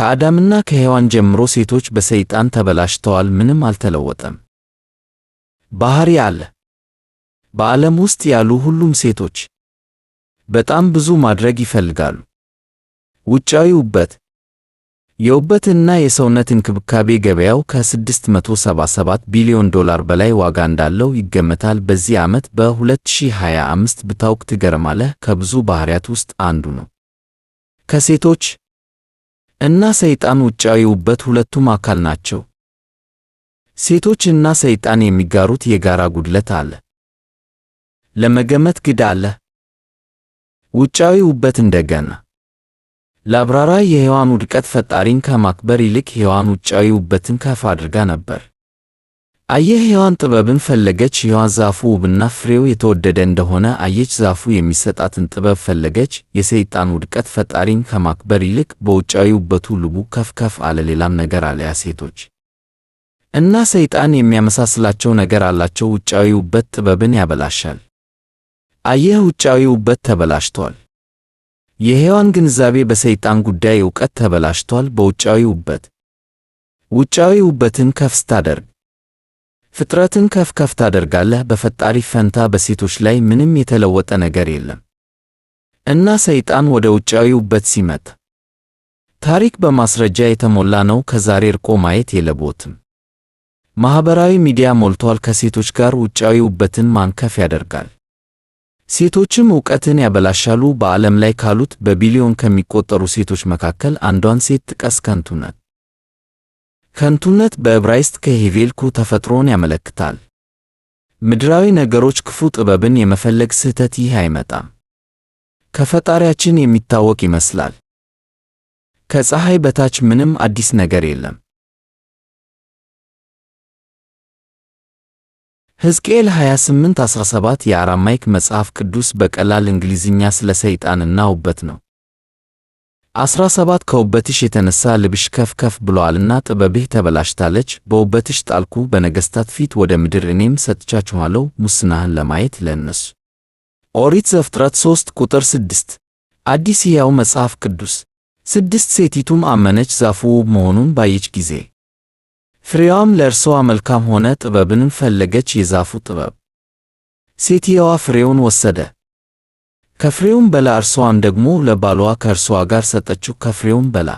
ከአዳምና ከሔዋን ጀምሮ ሴቶች በሰይጣን ተበላሽተዋል። ምንም አልተለወጠም። ባህሪ አለ። በዓለም ውስጥ ያሉ ሁሉም ሴቶች በጣም ብዙ ማድረግ ይፈልጋሉ። ውጫዊ ውበት፣ የውበትና የሰውነት እንክብካቤ ገበያው ከ677 ቢሊዮን ዶላር በላይ ዋጋ እንዳለው ይገመታል። በዚህ ዓመት በ2025 ብታውቅ ትገረማለህ። ከብዙ ባህሪያት ውስጥ አንዱ ነው። ከሴቶች እና ሰይጣን ውጫዊ ውበት ሁለቱም አካል ናቸው። ሴቶች እና ሰይጣን የሚጋሩት የጋራ ጉድለት አለ። ለመገመት ግድ አለ። ውጫዊ ውበት እንደገና ለአብራራ የሔዋን ውድቀት ፈጣሪን ከማክበር ይልቅ ሔዋን ውጫዊ ውበትን ከፍ አድርጋ ነበር። አየህ ሔዋን ጥበብን ፈለገች። ሔዋን ዛፉ ውብና ፍሬው የተወደደ እንደሆነ አየች። ዛፉ የሚሰጣትን ጥበብ ፈለገች። የሰይጣን ውድቀት ፈጣሪን ከማክበር ይልቅ በውጫዊ ውበቱ ልቡ ከፍ ከፍ አለ። ሌላም ነገር አለያ ሴቶች እና ሰይጣን የሚያመሳስላቸው ነገር አላቸው። ውጫዊ ውበት ጥበብን ያበላሻል። አየህ ውጫዊ ውበት ተበላሽቷል። የሔዋን ግንዛቤ በሰይጣን ጉዳይ ዕውቀት ተበላሽቷል። በውጫዊ ውበት ውጫዊ ውበትን ከፍ ስታደርግ ፍጥረትን ከፍ ከፍ ታደርጋለህ። በፈጣሪ ፈንታ በሴቶች ላይ ምንም የተለወጠ ነገር የለም። እና ሰይጣን ወደ ውጫዊ ውበት ሲመት ታሪክ በማስረጃ የተሞላ ነው። ከዛሬ እርቆ ማየት የለቦትም። ማኅበራዊ ሚዲያ ሞልቷል። ከሴቶች ጋር ውጫዊ ውበትን ማንከፍ ያደርጋል። ሴቶችም ዕውቀትን ያበላሻሉ። በዓለም ላይ ካሉት በቢሊዮን ከሚቆጠሩ ሴቶች መካከል አንዷን ሴት ጥቀስ ከንቱ ከንቱነት በዕብራይስጥ ከሄቬልኩ ተፈጥሮን ያመለክታል። ምድራዊ ነገሮች ክፉ ጥበብን የመፈለግ ስህተት ይህ አይመጣም። ከፈጣሪያችን የሚታወቅ ይመስላል። ከፀሐይ በታች ምንም አዲስ ነገር የለም። ሕዝቅኤል 28:17 የአራማይክ መጽሐፍ ቅዱስ በቀላል እንግሊዝኛ ስለ ሰይጣን እናውበት ነው። አስራ ሰባት ከውበትሽ የተነሳ ልብሽ ከፍ ከፍ ብሎአልና ጥበብህ ተበላሽታለች። በውበትሽ ጣልኩ በነገሥታት ፊት ወደ ምድር እኔም ሰጥቻችኋለሁ ሙስናህን ለማየት ለእነሱ። ኦሪት ዘፍጥረት ሦስት ቁጥር ስድስት አዲስ ሕያው መጽሐፍ ቅዱስ ስድስት ሴቲቱም አመነች ዛፉ ውብ መሆኑን ባየች ጊዜ ፍሬዋም ለእርሷ መልካም ሆነ፣ ጥበብንም ፈለገች። የዛፉ ጥበብ ሴትየዋ ፍሬውን ወሰደ ከፍሬውም በላ፣ እርሷን ደግሞ ለባልዋ ከእርሷ ጋር ሰጠችው። ከፍሬውም በላ።